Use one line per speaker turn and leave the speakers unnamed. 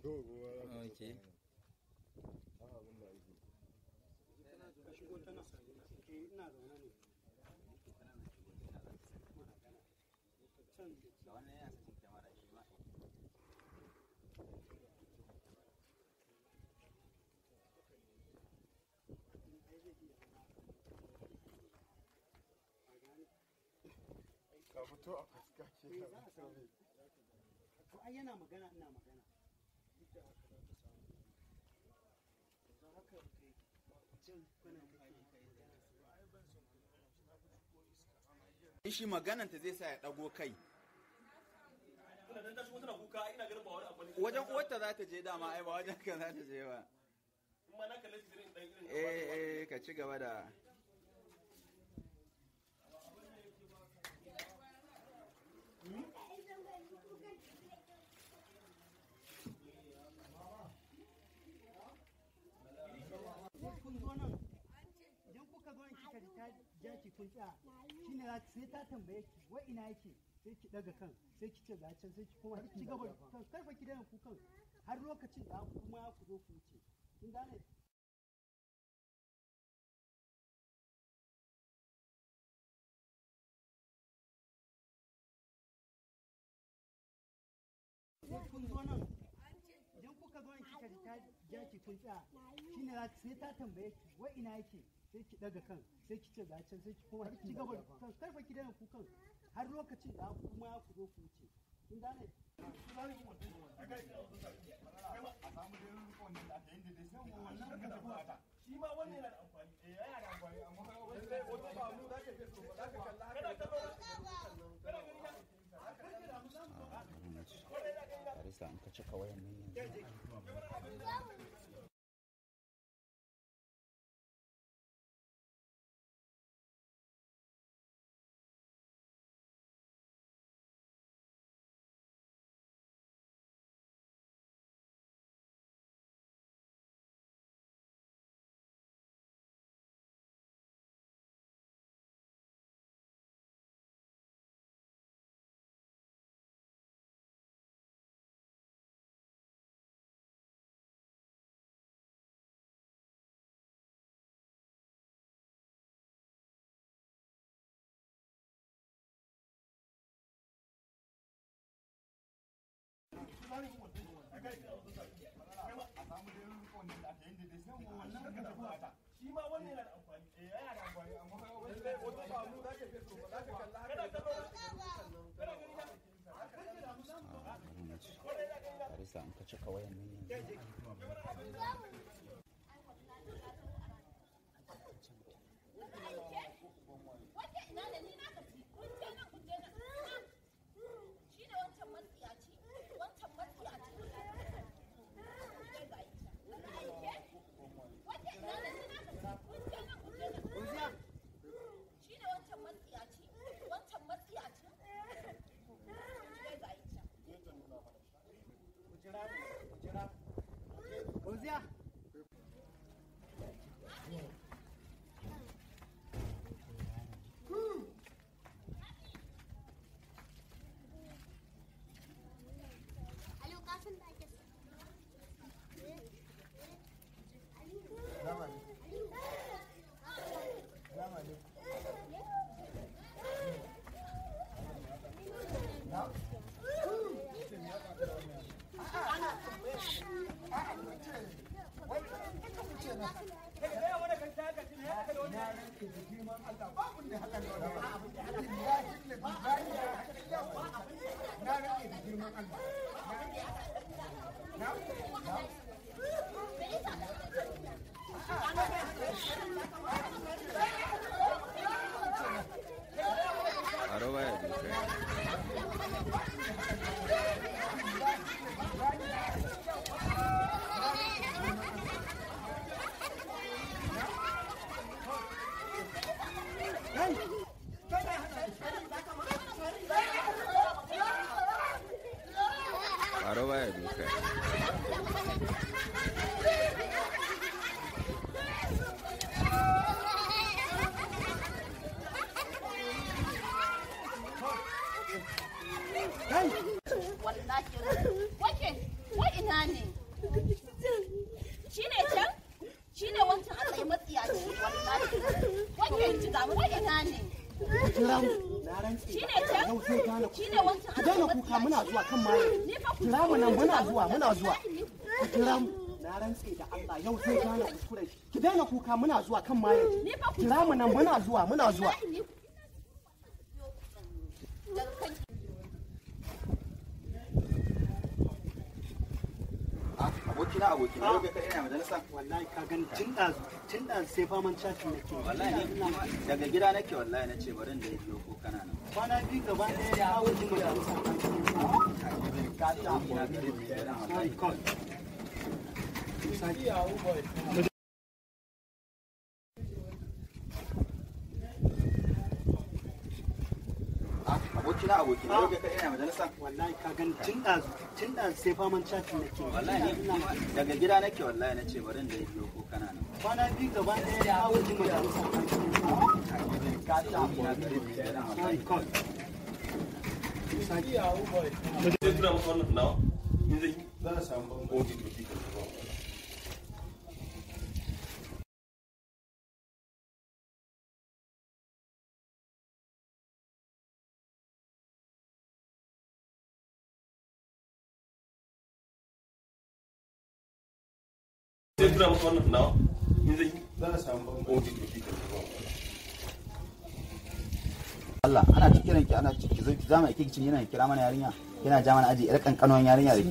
ka fito a fuska ke yana magana ina magana duk shi maganan ta zai sa ya ɗago kai wajen uwarta za ta je dama ai ba wajen ka za ta je ba eh eh ka ci gaba da kun tsaya sai ta tambaye ki wai ina yake sai ki daga kan sai ki ce ga can sai ki kuma gaba har lokacin da kuma ku zo ku wuce kin gane kun zo nan idan kuka zo in kika ta jaki kun tsaya sai ta tambaye ki ina yake sai ki daga kan sai ki ce ga can sai ki kuma ki gaba kan karfa ki daina kukan har lokacin da kuma ku zo ku wuce kin gane shi ma a samu da yin wannan da aka yi da sai mu ka da buwata shi ma da amfani eh da amfani amma
wani dai wata ba mu da ke
ba da ka ba ka cika wayan nan 进来，进来，坐下。na rike da girman Allah jira mu ki daina kuka muna zuwa kan maye jira nan muna zuwa muna zuwa ki jira na rantse da Allah yau gane kuskuren ki daina kuka muna zuwa kan maye jira nan muna zuwa muna zuwa na aboki na yau ga ina majalisa wallahi ka gani tun dazu tun dazu sai faman chatin nake wallahi ne daga gida nake wallahi na ce barin da ya biyo ko kana nan kwana biyu gaba ɗaya da hawo ji majalisa ka ta aboki na aboki na yau kai ina majalisa wallahi ka gani tun da tun da sai faman chatin nake wallahi daga gida nake wallahi nace barin da yau ko kana nan kwana biyu gaba ɗaya da hawo majalisa ka na gari da sai a samu ban ko ki sai tura da shi ka zama ki kicin yana kira mana yarinya yana ja mana aji yar kankanon yarinya